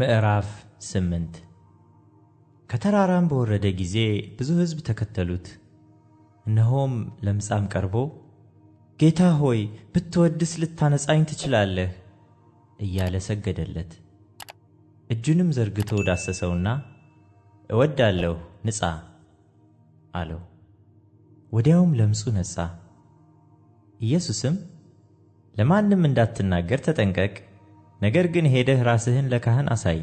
ምዕራፍ ስምንት ከተራራም በወረደ ጊዜ ብዙ ሕዝብ ተከተሉት። እነሆም ለምጻም ቀርቦ ጌታ ሆይ ብትወድስ ልታነጻኝ ትችላለህ እያለ ሰገደለት። እጁንም ዘርግቶ ዳሰሰውና እወዳለሁ ንጻ አለው። ወዲያውም ለምጹ ነጻ። ኢየሱስም ለማንም እንዳትናገር ተጠንቀቅ ነገር ግን ሄደህ ራስህን ለካህን አሳይ፣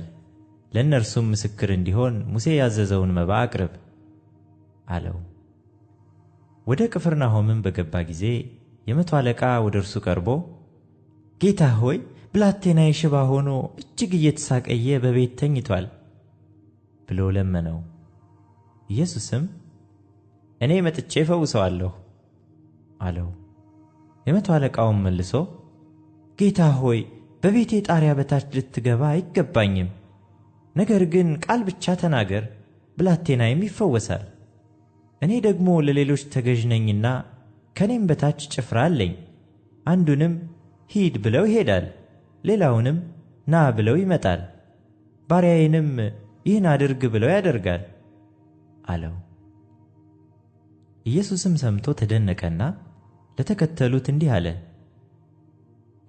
ለእነርሱም ምስክር እንዲሆን ሙሴ ያዘዘውን መባ አቅርብ አለው። ወደ ቅፍርናሆምም በገባ ጊዜ የመቶ አለቃ ወደ እርሱ ቀርቦ ጌታ ሆይ ብላቴናዬ ሽባ ሆኖ እጅግ እየተሳቀየ በቤት ተኝቷል ብሎ ለመነው። ኢየሱስም እኔ መጥቼ እፈውሰዋለሁ አለው። የመቶ አለቃውም መልሶ ጌታ ሆይ በቤቴ ጣሪያ በታች ልትገባ አይገባኝም። ነገር ግን ቃል ብቻ ተናገር፣ ብላቴናይም ይፈወሳል። እኔ ደግሞ ለሌሎች ተገዥ ነኝና ከኔም በታች ጭፍራ አለኝ። አንዱንም ሂድ ብለው ይሄዳል፣ ሌላውንም ና ብለው ይመጣል፣ ባሪያዬንም ይህን አድርግ ብለው ያደርጋል አለው። ኢየሱስም ሰምቶ ተደነቀና ለተከተሉት እንዲህ አለ፦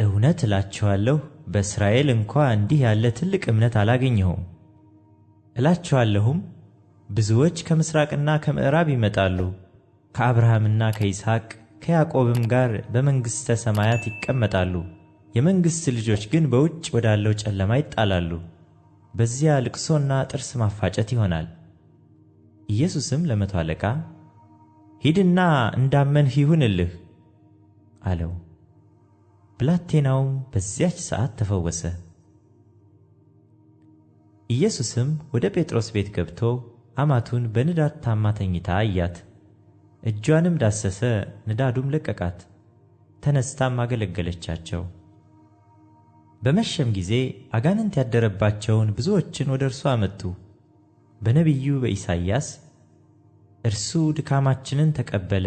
እውነት እላችኋለሁ በእስራኤል እንኳ እንዲህ ያለ ትልቅ እምነት አላገኘሁም። እላችኋለሁም ብዙዎች ከምሥራቅና ከምዕራብ ይመጣሉ፣ ከአብርሃምና ከይስሐቅ ከያዕቆብም ጋር በመንግሥተ ሰማያት ይቀመጣሉ። የመንግሥት ልጆች ግን በውጭ ወዳለው ጨለማ ይጣላሉ። በዚያ ልቅሶና ጥርስ ማፋጨት ይሆናል። ኢየሱስም ለመቶ አለቃ ሂድና እንዳመንህ ይሁንልህ አለው። ብላቴናውም በዚያች ሰዓት ተፈወሰ። ኢየሱስም ወደ ጴጥሮስ ቤት ገብቶ አማቱን በንዳድ ታማ ተኝታ አያት። እጇንም ዳሰሰ፣ ንዳዱም ለቀቃት። ተነስታም አገለገለቻቸው። በመሸም ጊዜ አጋንንት ያደረባቸውን ብዙዎችን ወደ እርሱ አመጡ። በነቢዩ በኢሳይያስ እርሱ ድካማችንን ተቀበለ፣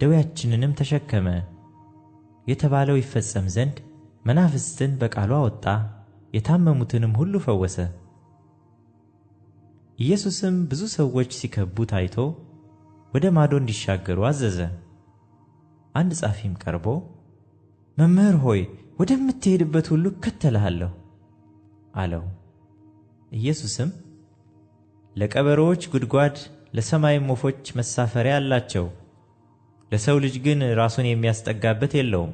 ደዌያችንንም ተሸከመ የተባለው ይፈጸም ዘንድ መናፍስትን በቃሉ አወጣ፣ የታመሙትንም ሁሉ ፈወሰ። ኢየሱስም ብዙ ሰዎች ሲከቡ ታይቶ ወደ ማዶ እንዲሻገሩ አዘዘ። አንድ ጻፊም ቀርቦ መምህር ሆይ ወደምትሄድበት ሁሉ እከተልሃለሁ አለው። ኢየሱስም ለቀበሮዎች ጉድጓድ፣ ለሰማይም ወፎች መሳፈሪያ አላቸው ለሰው ልጅ ግን ራሱን የሚያስጠጋበት የለውም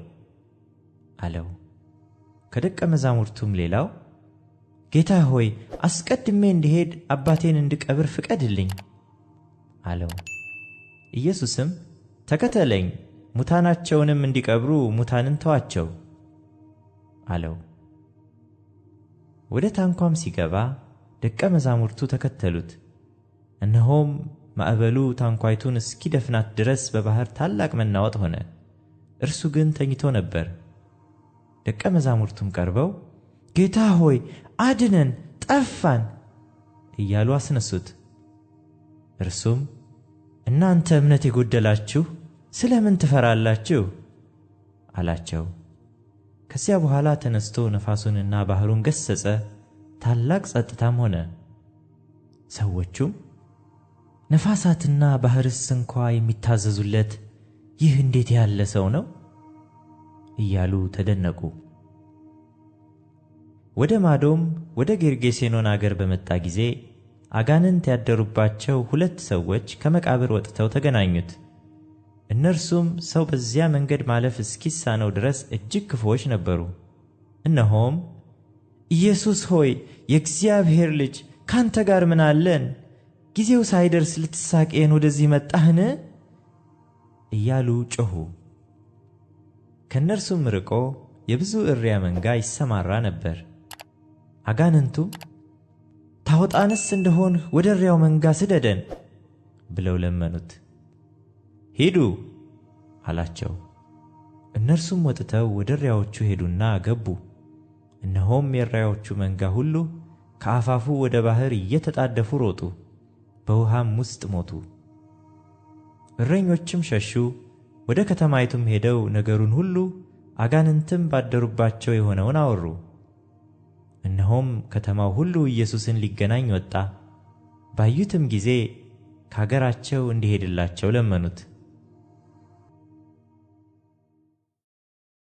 አለው። ከደቀ መዛሙርቱም ሌላው ጌታ ሆይ አስቀድሜ እንድሄድ አባቴን እንድቀብር ፍቀድልኝ አለው። ኢየሱስም ተከተለኝ፣ ሙታናቸውንም እንዲቀብሩ ሙታንን ተዋቸው አለው። ወደ ታንኳም ሲገባ ደቀ መዛሙርቱ ተከተሉት። እነሆም ማዕበሉ ታንኳይቱን እስኪደፍናት ድረስ በባህር ታላቅ መናወጥ ሆነ። እርሱ ግን ተኝቶ ነበር። ደቀ መዛሙርቱም ቀርበው ጌታ ሆይ አድነን፣ ጠፋን እያሉ አስነሱት። እርሱም እናንተ እምነት የጎደላችሁ ስለምን ትፈራላችሁ? አላቸው። ከዚያ በኋላ ተነስቶ ነፋሱንና ባህሩን ገሰጸ፣ ታላቅ ጸጥታም ሆነ። ሰዎቹም ነፋሳትና ባሕርስ እንኳ የሚታዘዙለት ይህ እንዴት ያለ ሰው ነው? እያሉ ተደነቁ። ወደ ማዶም ወደ ጌርጌሴኖን አገር በመጣ ጊዜ አጋንንት ያደሩባቸው ሁለት ሰዎች ከመቃብር ወጥተው ተገናኙት። እነርሱም ሰው በዚያ መንገድ ማለፍ እስኪሳነው ድረስ እጅግ ክፉዎች ነበሩ። እነሆም ኢየሱስ ሆይ የእግዚአብሔር ልጅ ካንተ ጋር ምን አለን ጊዜው ሳይደርስ ልትሳቀየን ወደዚህ መጣህን? እያሉ ጮኹ። ከእነርሱም ርቆ የብዙ እሪያ መንጋ ይሰማራ ነበር። አጋንንቱም ታወጣንስ እንደሆን ወደ እሪያው መንጋ ስደደን ብለው ለመኑት። ሂዱ አላቸው። እነርሱም ወጥተው ወደ እሪያዎቹ ሄዱና ገቡ። እነሆም የእሪያዎቹ መንጋ ሁሉ ከአፋፉ ወደ ባሕር እየተጣደፉ ሮጡ። በውሃም ውስጥ ሞቱ። እረኞችም ሸሹ፣ ወደ ከተማይቱም ሄደው ነገሩን ሁሉ አጋንንትም ባደሩባቸው የሆነውን አወሩ። እነሆም ከተማው ሁሉ ኢየሱስን ሊገናኝ ወጣ። ባዩትም ጊዜ ከአገራቸው እንዲሄድላቸው ለመኑት።